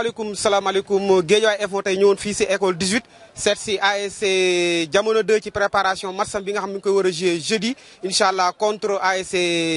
asalaamaaleykum salaamaaleykum Guédiawaye Info tey ñewon fi ci école 18 seet si ASC jamono 2 ci préparation matcham bi nga xam ne koy wara jouer jeudi incha contre ASC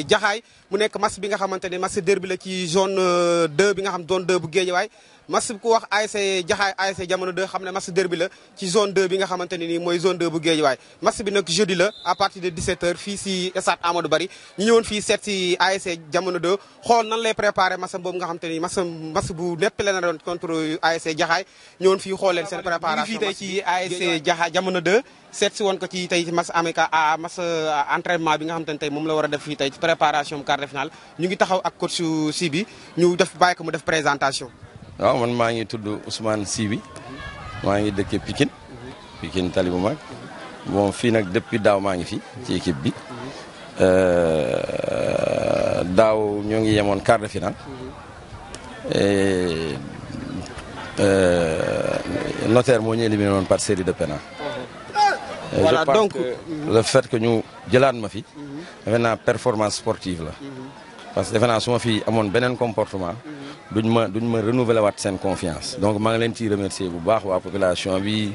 Jaxaay mu nek match bi nga xamante match derby la ci zone 2 euh, bi nga xam zone 2 bu Guédiawaye masib ku wax ASC Jaxaay ASC jamono 2 xamne ne derby la ci zone 2 bi nga xamanteni ne nii zone 2 bu way match bi nag jeudi la à partir de 17h fi ci stade Amadou Barry ñu ñewon fi set ci ASC jamono 2 xol nan lay préparer match boobu nga xamanteni ne nii bu nepp la na doon contre ASC Jaxaay ñewon fi xool leen seen préparation fi tay ci ASC Jaxaay jamono 2 set ci won ko ci tay ci match amical à ah, match ah, entraînement bi nga xamanteni ne tey la wara def fi tay ci préparation quart de finale ñu ngi taxaw ak coach si bi ñu def bàyyi ko mu def présentation waaw man maa ngi tudd Ousmane Sy maa ngi dëkkee Pikine Pikine tali bu mag bon fii nag depuis daaw maa ngi fi ci équipe bi euh, daaw ñoo ngi yemoon quart de finale euh, moo ñu éliminé woon par série de pénal voilà donc que euh, le fait que ñu jëlaat ma fi defe naa performance sportive la mhm. parce que defe naa su ma fi amoon beneen comportement duñ ma duñ ma renouveler waat seen confiance donc maa ngi leen ciy remercier bu baax waa population bi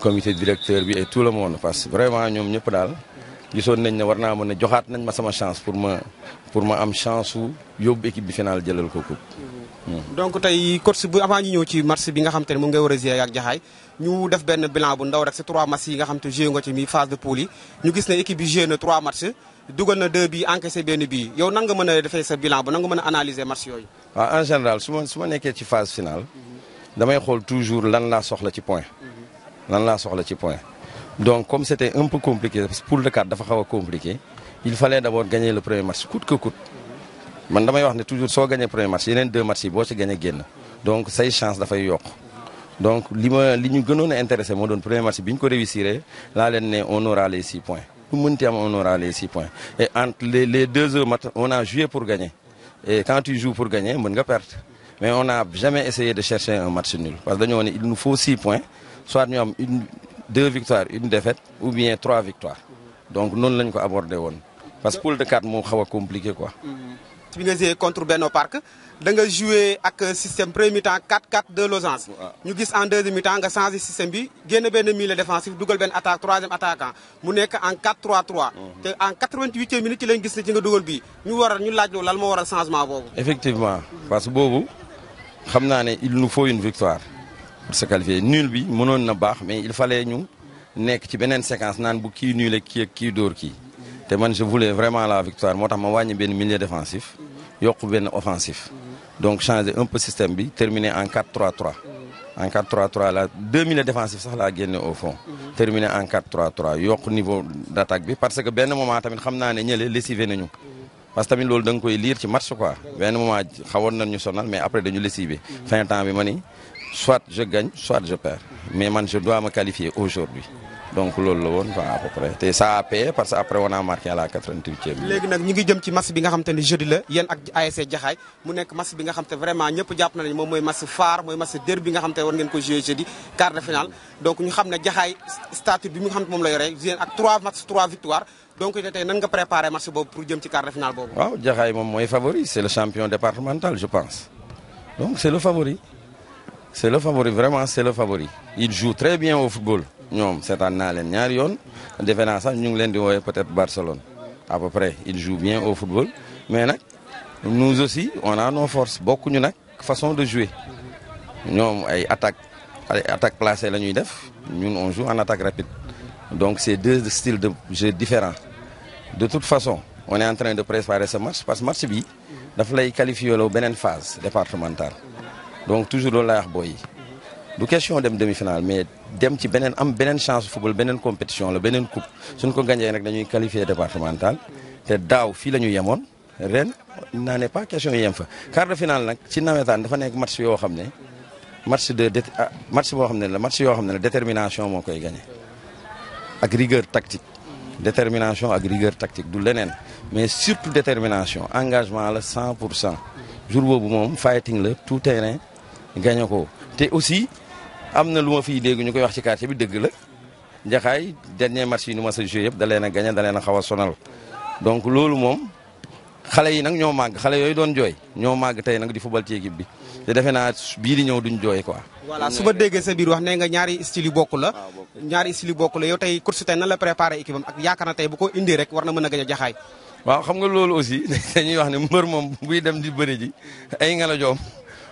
comité directeur bi et tout le monde parce que vraiment ñoom ñëpp daal gisoon nañ ne war naa mën a joxaat nañ ma sama chance pour ma pour ma am chance su équipe bi finale jëlal ko coupe. Hmm. donc tay course bu avant ñu ñëw ci match bi nga xam te ne moom ngay war a ak jaxay ñu def ben bilan bu ndaw rek ci 3 matchs yi nga xam te joué nga ci mi phase de poule yi ñu gis né équipe bi jé na 3 matchs dugal na 2 bi encaissé ben bi yow nan nga mën a sa bilan bu nan nga mën analyser match yooyu. Ah, en général si on su en phase finale damay xool toujours lan la soxla ci point lan point donc comme c'était un peu compliqué parce de compliqué il fallait d'abord gagner le premier match coûte que coûte man damay wax ne toujours gagner le premier match il y a deux matchs il faut ci la génn donc une chance de faire. donc li Donc, nous ñu nous a intéressé que le premier match si on ko réussiré on aura les six points Tout le monde on aura les six points et entre les les deux heures, on a joué pour gagner et quand tu joues pour gagner, tu perdre. Mais on n'a jamais essayé de chercher un match nul. Parce que nous faut 6 points. Soit nous avons une, deux victoires, une défaite, ou bien trois victoires. Donc nous l'avons abordé. Parce que pour le 4, c'est compliqué. Quoi. Mm-hmm jouer contre Beno Park da nga avec un système premier mi-temps 4-4 2 losange ñu gis en deuxième mi-temps nga changé système bi génn benn milieu défensif Dougal benn attaque troisième attaquant mu nekk en 4-3-3 mhm. en 88e minute ci lañ gis ne ci nga dugal bii ñu waral ñu laaj loolu lan moo changement effectivement parce que nous savons qu'il il nous faut une victoire pour se qualifier nul bi mënoon na baax mais il fallait ñu nek ci beneen séquence naan bu kii nul ak kii ak kii dóor kii je voulais vraiment la victoire Moi, tax ma un milieu défensif un benn offensif donc changer un peu le système B, terminer en 4-3-3 en 4-3-3 la deux milieux défensifs ça a gagné au fond terminer en 4-3-3 yokk niveau d'attaque. parce que un moment je sais que nous ñële nañu parce que nous avons lire koy match quoi moment xawoon nañ sonal mais après dañu lessivé fin temps soit je gagne soit je perds mais je dois me qualifier aujourd'hui donc loolu la woon quoi à peu près te ça a payé parce qu'après on a marqué à la 88e. léegi nag ñu ngi jëm ci match bi nga xam te jeudi la yéen ak ASC Jaxaay mu nekk match bi nga xam te vraiment ñëpp jàpp nañu moom mooy match phare mooy match derby bi nga xam te war ngeen ko joué jeudi quart de finale. donc ñu xam ne Jaxaay statut bi nga xam te moom la yore ak 3 matchs 3 victoires donc tey nan nga préparé match boobu pour jëm ci quart de finale boobu. waaw Jaxaay moom mooy favori c'est le champion départemental je pense donc c'est le favori c'est le favori vraiment c'est le favori il joue très bien au football Nous, c'est un Nous un peut-être Barcelone à peu près il joue bien au football mais nous aussi on a nos forces Beaucoup de façon de jouer Nous, ay attaque attaque placée la nuit, Nous on joue en attaque rapide donc c'est deux styles de jeu différents de toute façon on est en train de préparer ce match parce que match bi il faut qualifier phase départementale donc toujours dans laa wax booy du question dem demi-finale mais dem ci benen am benen chance football benen compétition la benen coupe suñ ko gañee nak dañuy qualifier départemental té daw fi lañu yémon ren naa pas question yem fa quart de finale nak ci nawétan dafa nek match yo xamné ne match de ah, match bo xamné ne la match yo xamné ne la détermination moo koy gañe ak rigueur tactique détermination ak rigueur tactique du lenen mais surtout détermination engagement la 100 jour boobu mom fighting le tout terrain gañe ko te aussi am na lu ma fiy dégg ñu koy wax ci quartier bi dëgg la Jaxaay dernier match yi nu ma sa joué yëpp da leen a gañe leen a xaw a sonal donc loolu moom xale yi nag ñoo màgg xale yooyu doon jooy ñoo màgg tey nag di football ci équipe bi te defe naa bii di ñëw duñ jooy quoi. voilà su ma déggee sa biir wax ne nga ñaari style bokk la ah, ñaari style bokk la yow tey course tey nan la préparé équipe am ak yaakaar na tey bu ko indee rek war na mën na gañ a Jaxaay waaw xam nga loolu aussi dañuy wax ne mbër moom buy dem di bëri ji ay ngelaw joom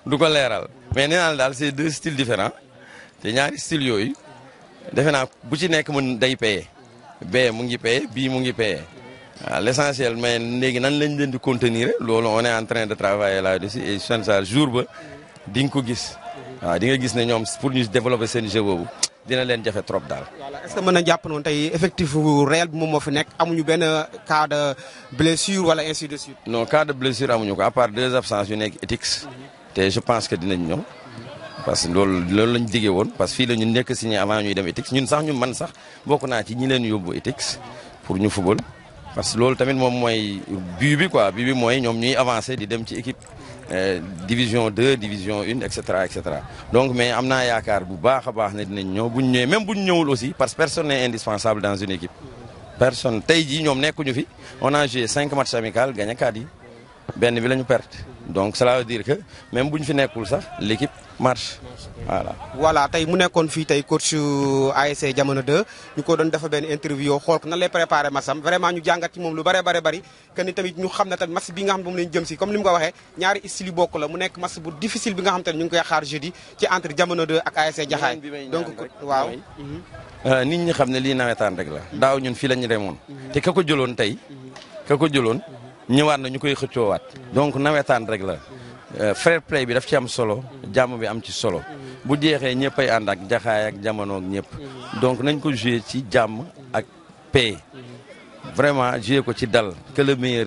du ko leeral mais nee dal c'est deux styles différents te ñaari style yoy defe bu ci nek mën day paye B, mu ngi paye bi mu ngi paye l'essentiel mais légui nan lañ leen di contenir lolu on est en train de travailler là-dessus et san sa jour ba ding ko gis wa di nga gis né ñom pour ñu développer seen jeu boobu dina leen jafé trop dal est-ce que mën na jàpp noonu tey effectif réel bu mo fi nek amuñu ben cas de blessure wala ainsi de suite. non cas de blessure amuñu ko à part deux absences yu nek éthiques te je pense que dinañ ñëw parce que lolu lolu lañ diggé won parce que fii la ñu nekk si avant ñuy dem ETICS ñun sax ñu man sax bokk naa ci ñi leen yobbu ETICS pour ñu football parce que loolu tamit mom moy bi bi quoi bi bi moy ñom ñuy avancer di dem ci équipe euh, division 2 division 1 etc etc donc mais amna yaakar bu baax baax né dinañ ñëw bu ñëw même bu ñëwul aussi parce que personne n'est indispensable dans une équipe personne tey jii ñoom nekkuñu fi on a joué 5 matchs amicaux gagné 4 yi benn bi la perdre donc cela veut dire que même bu ñu fi nekkul sax l'équipe marche voilà. voilà tey mu nekkoon fii tey coach ASC jamono 2 ñu ko doon dafa benn interview xool ko nan lay préparé masam vraiment ñu jàngat ci moom lu bare bare bari que tamit ñu xam ne tamit match bi nga xam ne moom lañ si comme ni mu ko waxee ñaari style yu bokk la mu nekk match bu difficile ci entre jamono 2 ak ASC Jaxaay donc waaw. Mhm. Euh, nit ñi xam ne lii nawetaan rek la daaw ñun fii la ñu demoon. Mhm. te ka ko jëloon tey. ka ko jëloon. ñëwaat na ñu koy xëccoowaat donc nawetaan rek la euh, fair play bi daf ci am solo jàmm bi am ci solo bu jeexee ñëpp ay ànd ak jaxaay ak jamono ak ñëpp donc nañ ko jouer ci jàmm ak paix vraiment jouer ko ci dal que le meilleur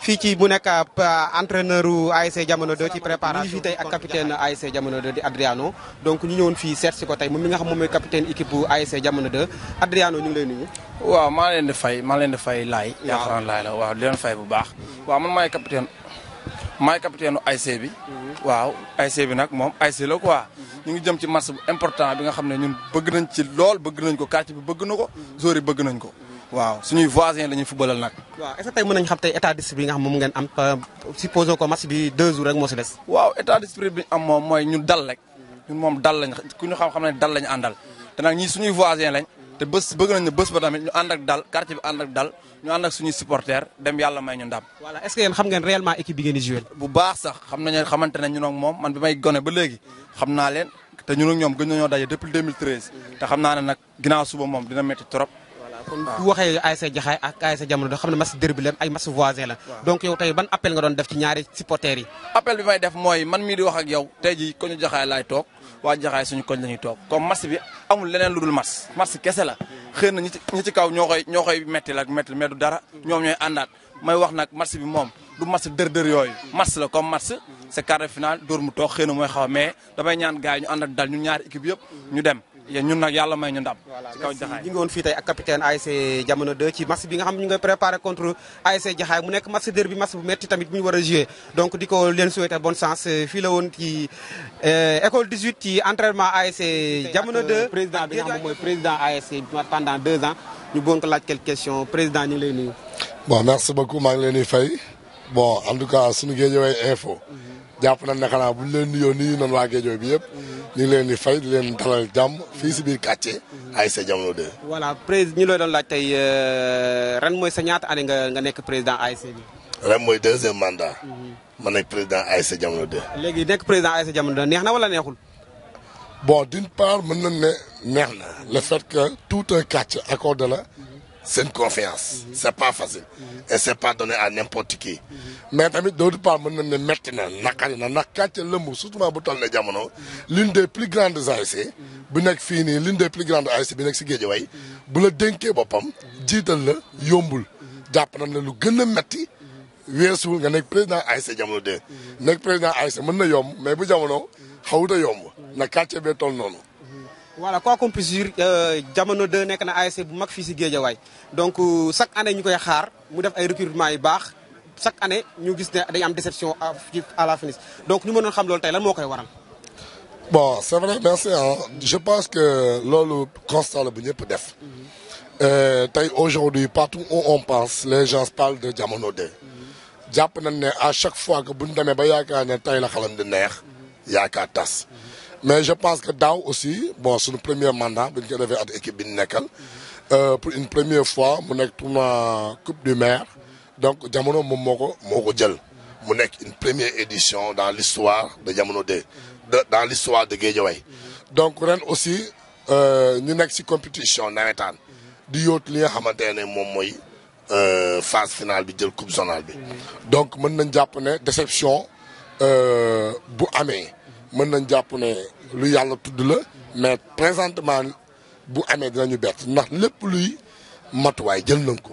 fii ci bu nekk euh, entreneur u ASC Jamono 2 ci préparation ñu ngi fi tey ak capitaine ASC Jamono 2 di donc ñu ñëwoon fii seet ko tey moom mi nga xam moom mooy capitaine équipe bu ASC Jamono Adriano ñu ngi lay nuyu. waaw maa leen di fay maa leen di fay laay. waaw yaakaar laay la waaw di leen fay bu baax. Mm-hmm. waaw man maay capitaine maay capitaine ASC bi. Mm-hmm. waaw ASC bi nag moom ASC la quoi. Mm-hmm. ñu ngi jëm ci match bu important bi nga xam ne ñun bëgg nañ ci lool bëgg nañ ko quartier bi bëgg na ko. joueurs yi bëgg nañ ko. waaw suñuy voisins la ñuy footballal nag. waaw est-ce que tey mën nañu xam tey nga xam moom ngeen am euh, supposons que match bi deux jours rek moo si des. waaw état d'esprit bi ñu am dal rek ñun moom dal lañ ku ñu xam-xam ne dal lañu àndal te nag ñii suñuy voisins lañ. te bés bëgg na nañu bës ba tamit ñu ànd dal quartier bi ànd dal ñu ànd ak suñuy supporters dem yàlla may ñu ndam. voilà est-ce que yéen xam ngeen réellement équipe bi ngeen di bu baax sax xam nañu xamante ne ñun ak moom man bi may gone ba léegi xam naa leen te ñun ak ñoom gën nañoo daje depuis 2013. te xam naa ne nag ginnaaw suba moom dina métti trop. kon bu waxee ASC Jaxaay ak ASC Jamono doo xam ne match derby la ay match voisin la donc yow tey ban appel nga doon def ci ñaari supporters yi appel bi may def mooy man mii di wax ak yow tey ji koñu Jaxaay laay toog waa Jaxaay suñu koñ lañuy toog comme match bi amul leneen lu dul match match kese la xëy na ñi ci kaw ñoo koy ñoo koy metti la metti mais du dara ñoom ñooy àndaat may wax nag match bi moom du match dër-dër yooyu match la comme match c'est quart de finale dóor mu toog xëy na mooy xaw mais damay ñaan gars ñu àndaat dal ñu ñaari équipe yëpp ñu dem Ya, ñun nak yalla may ñu ndam ci kaw jaxay ñu ngi woon fii tey ak capitaine ASC jamono 2 ci match bi nga xam ñu ngi préparer contre ASC jaxay mu nek match derby match bu metti tamit bu ñu wara a donc diko ko leen souhaiter bonne chance fi la won ci euh, école 18 ci entraînement ASC jamono 2 euh, président bi nga xam moy président ASC pendant 2 ans ñu bon ko laaj quelques questions président ñi lay nuyu bon merci beaucoup ma ngi leen fay bon en tout cas suñu géejëway info mhm. japp nañ ne bu buñ leen nuyoo nuyu non wa gëjëw bi yëpp mhm. ñu ngi leen di fay leen dalal jàmm fii si biir quartier ASC Jamono 2. voilà président ñu lay doon laaj tey euh, ren mooy sa ñaata année nga nga nekk président ay bi. ren mooy deuxième mandat. ma nekk président ay sa 2. léegi nekk président Jamono neex na wala neexul. bon d'une part mën nañ ne neex na le fait que tout un quartier de la. seen une confiance. Mhm. c'est pas facile. e c'est pas donné à n'importe qui. mais tamit d'autre part mën nañ ne metti na naqari na ndax kàcce lëmb surtout bu tol ne jamono. Mhm. l'une des plus grandes ASC. bu nekk fii nii l'une des plus grandes ASC bi nekk si ay bu la dénkee boppam. jiital la yombul. jàpp nañ lu gën a metti. weesuwul nga nekk président ASC jamono de. nekk président ASC mën na yomb mais bu jamono xawut a yomb. na kàcce bee toll noonu. voilà quoi qu'on puisse dire euh, jamono 2 nekk na ASC bu mag fii si donc euh, chaque année nous avons xaar un def ay recrutement chaque année nous avons ne une déception à la finis donc nous mënoon xam loolu tey lan moo koy waral. bon c'est vrai merci hein je pense que loolu constat que nous avons fait. aujourd'hui partout où on pense les gens parlent de jamono 2. jàpp nañ à chaque fois que bu ñu demee ba yaakaar ne tey la xalam di neex yaakaar tas mais je pense que Dao aussi bon suñu premier mandat bi ñu ko defee équipe euh, pour une première fois mu équipe tournoi coupe du maire donc Diamono Momoko, Moko ko moo mu une première édition dans l'histoire de Diamono de dans l'histoire de Guédiawaye donc ren aussi euh, ñu nekk ci compétition nawetaan di yóot li nga xamante ne euh, phase finale bi jël coupe zonale bi donc mon nañ jàpp déception bu amee mën nañ jàpp lu yàlla tudd la mais présentement bu amee dinañu bett ndax lépp luy matuwaay jël nañ ko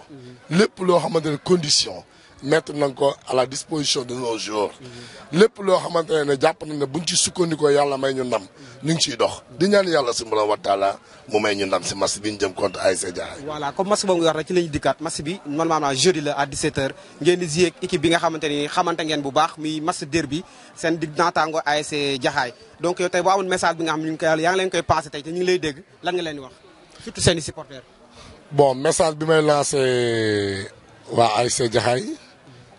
lépp loo xamante ne condition mettre nañ ko à la disposition de nos joueurs lépp loo xamante ne ne jàpp na ne buñ ci sukkandikoo yàlla may ñu ndam ñu ngi dox di ñaan yàlla si mbooloo wa taala mu may ñu ndam si match bi ñu jëm contre ASC Jaxaay voilà comme match boobu nga wax ni xamante ngeen bu baax muy match derby seen dig naataango ASC Jaxaay donc yow message bi nga xam ne ñu ngi koy yaa ngi leen koy passé tey te ñu ngi lay dégg lan nga leen di wax surtout seen i bon message bi may lancé waa ASC Jaxaay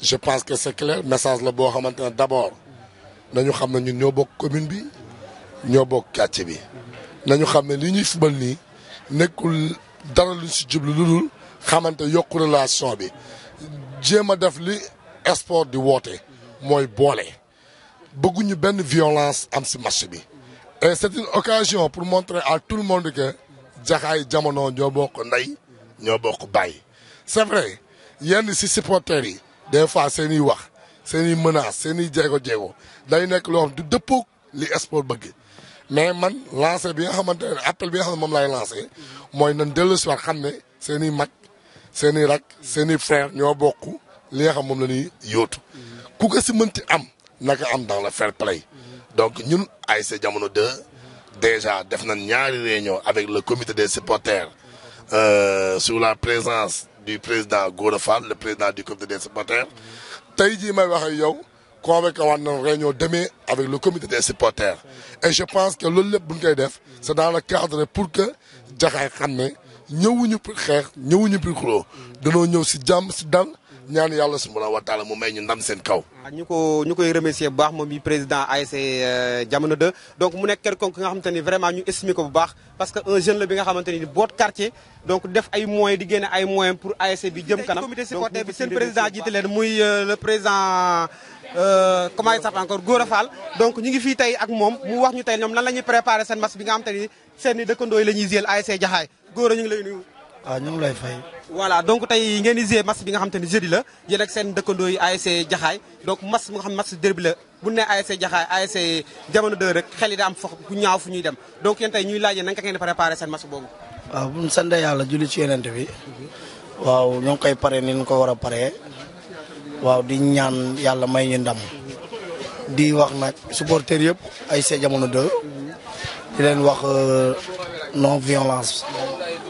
je pense que c'est clair message sans le bon d'abord nañu avons une commune bi Nous quartier bi nañu une dara nous avons une relation bi ma li sport di bolé. violence am ce match c'est une occasion pour montrer à tout le monde que Jakhay jamono une relation. nday ño bok bay. c'est vrai yenn si supporters des fois c'est ni wax c'est ni menace c'est ni jéego jéego day nek lo xam du dëppoo li sport bëgg mais man lancé bi nga xamantene ne appel bi nga xam ne moom laay lancé mooy nan dellu si waat xam ne seen i mag seen rak seen i frère ño bokku li nga xam mom lañuy yotu ku ko si mënti am naka am dans le fair play donc ñun ay sa jamono 2 déjà def nañ ñaari réunion avec le comité des supporters euh, sur la présence du président Gora le président du comité des supporters Taïdi may demain avec le comité des supporters et je pense que le c'est dans le cadre pour que nous, nous ne nous nous nous nous si ñaan yàlla subhanahu wa taala mu may ñu ndam seen kaw ñu ko ñu koy remercier bu baax moom mi président ASC euh, jamono de donc mu nekk quelqu'un ki nga xamante ni vraiment ñu estimer ko bu baax parce que un jeune la bi nga xamante ni boot quartier donc def ay moyens di génne ay moyens pour ASC bi jëm kanam comité supporter bi seen président jiite leen muy euh, le président euh, comment il s'appelle encore Gora Fall donc ñu ngi fii tey ak moom mu wax ñu tey ñoom lan la ñuy préparer seen match bi nga xamante ni seen i dëkkandoo yi la ñuy jël ASC Jaxaay Gora ñu ngi lay nuyu waaw ah, ñu ngi lay fay. voilà donc tey ngeen di bi nga xam te ne jeudi la yéen seen dëkkandoo yi ASC Jaxaay donc match bi xam ne match derby bu ne ASC Jaxaay jamono 2 rek xel yi da am fox fu ñuy dem donc yéen tey ñuy laajee nanga ngeen di préparé seen match boobu. waaw ah, bu ñu sant yàlla julli ci yeneen bi waaw ñoo ngi koy pare ni ñu ko war a pare waaw di ñaan yàlla may ñu ndam di wax nag supporters yëpp ASC jamono 2 di leen wax euh, non violence.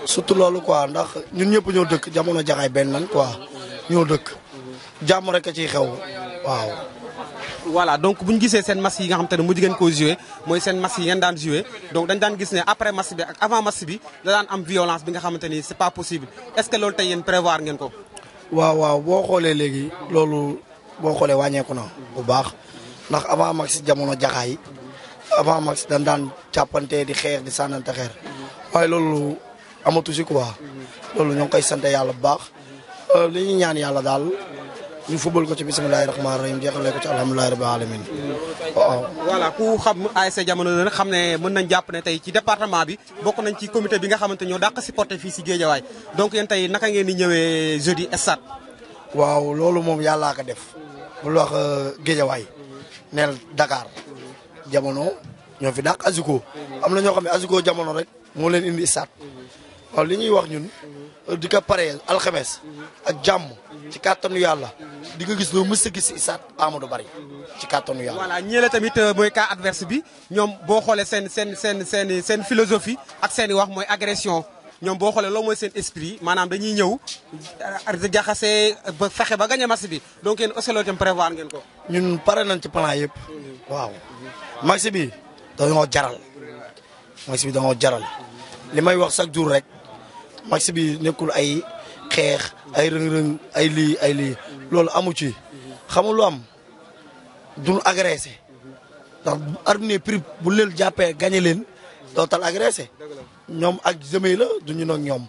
surtout lolu quoi ndax ñun ñëpp ñoo dëkk jamono jaxay ben lan quoi ñoo dëkk jamm rek ci xew waaw voilà donc buñu gissé sen match yi nga xam tane mu mujj ko jouer moy sen match yi ngeen daan jouer donc dañ daan giss né après match bi ak avant match bi da daan am violence bi nga xam tane c'est pas possible est ce que lolu tay yeen prévoir ngeen ko waaw waaw bo xolé légui lolu bo xolé wañé ko na bu baax ndax avant match jamono jaxay avant match dañ daan jàppante di xeex di sanante xeer waye lolu amatu ci quoi lolou ñong koy sant yalla bu baax li eh, ñi ñaan yalla dal ñu football ko ci bismillahir rahmanir rahim jeexale ko ci alhamdullahi rabbil alamin oh, oh. voilà ku xam ASC jamono la xam ne mën nañ japp ne tay ci département bi bokk nañ ci comité bi nga xamante ñoo supporter fi ci si way donc yeen tay naka ngeen ni ñëwé jeudi stade waaw lolou mom yalla ka def bul wax eh, way nel dakar jamono ñoo fi dakk azuko am na ñoo xam ne azuko jamono rek mo leen indi stade waaw li ñuy wax ñun di ko paree alxemes ak jàmm ci kàttanu yàlla di nga gis loo mës gis si Issa Amadou bari ci kàttanu yàlla. voilà ñii la tamit euh, mooy cas adverse bi ñoom boo xoolee seen seen seen seen seen philosophie ak seen i wax mooy agression ñoom boo xoolee loo mooy seen esprit maanaam dañuy ñëw euh, jaxase ba fexe ba gañe match bi donc yéen aussi loolu itam prévoir ngeen ko. ñun pare nañ ci plan yëpp. waaw match bi dañoo jaral match bi dañoo jaral li may wax chaque jour rek. match bi nekkul ay xeex ay rëng-rëng ay lii ay lii loolu amu ci xamul lu am duñu agressé ndax arbitre prix bu leen jàppee gagné leen dootal agressé ñoom ak jëmee la du ñu noog ñoom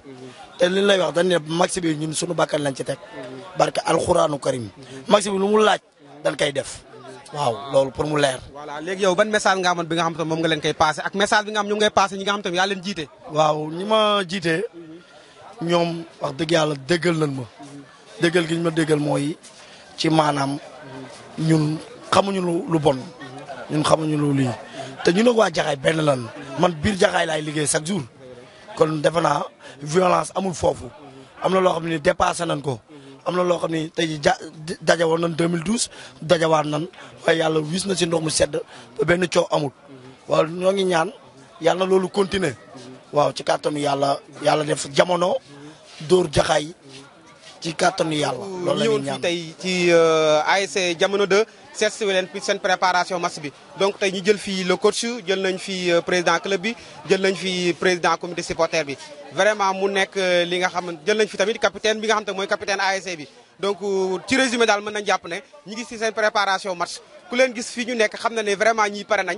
te li lay wax dañ ne match bi ñun sunu bakkan lañ ci teg barke alxuraanu karim match bi lu mu laaj dan koy def waaw loolu pour mu leer. voilà léegi yow ban message nga bi nga xam te moom nga leen koy passé ak message bi nga xam ñu ngi ñi nga xam te yaa leen jiite. waaw ñi ñoom wax dëgg yàlla déggal nañ ma déggal gi ñu ma déggal mooy ci maanaam ñun xamuñu lu bon ñun xamuñu lu lii te ñun ak waa jaxaay benn lan man biir jaxaay laay liggéey chaque jour kon defe naa violence amul foofu am na loo xam ne dépassé nañ ko am na loo xam ne tey ja dajawoon nañ 2012 dajawaat nañ waaye yàlla wis na si ndox mu sedd ba benn coow amul waaw ñoo ngi ñaan yàlla loolu continuer waaw ci kàttanu yàlla yàlla def jamono dóor jaxaay ci kàttanu yàlla. loolu la ñuy ñaan ñëwoon fii tey ci euh, ASC jamono de seet si leen seen préparation match bi donc tey ñu jël fii le coach jël nañ fi euh, président club bi jël nañ fi président comité supporter bi. vraiment mu nekk euh, li nga xam jël nañ fi tamit capitaine bi nga xam te mooy capitaine ASC bi donc ci résumé daal mën nañ jàpp ne ñu ngi si seen préparation match ku leen gis fii ñu nekk xam na ne vraiment ñii pare nañ.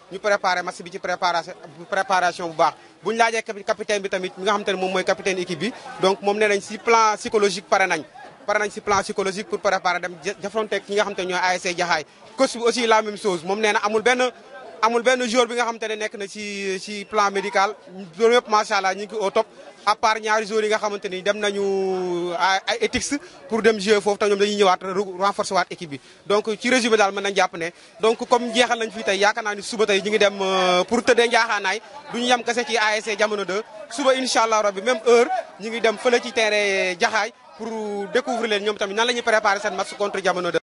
ñu préparé match bi ci préparation préparation bu baax bu ñu laajee capitaine bi tamit mi nga xam mom moy capitaine équipe bi donc mom nee nañ plan psychologique paré nañ paré nañ ci plan psychologique pour préparer dem jafronte ki nga xam ñoy ASC Jaxaay coach bi aussi la même chose mom nee na amul ben amul benn jour bi nga xamante ne nekk na ci ci plan médical loolu yop machallah ñi ngi au top à part ñaari jour yi nga xamanteni dem nañu ay éthics pour dem jouer fofu te ñoom dañuy ñëwaat renforcer waat équipe bi. donc ci résumé dal mën nañ japp né donc comme jéxal nañ fi tay yaakaar ni suba tay ñi ngi dem euh, pour teudé njaaxaanaay duñu yam kasse ci ASC jamono 2 suba inshallah allah rabbi même heure ñi ngi dem feulé ci terrain jaxay pour découvrir leen ñom tamit nan lañuy préparer seen match contre jamono 2.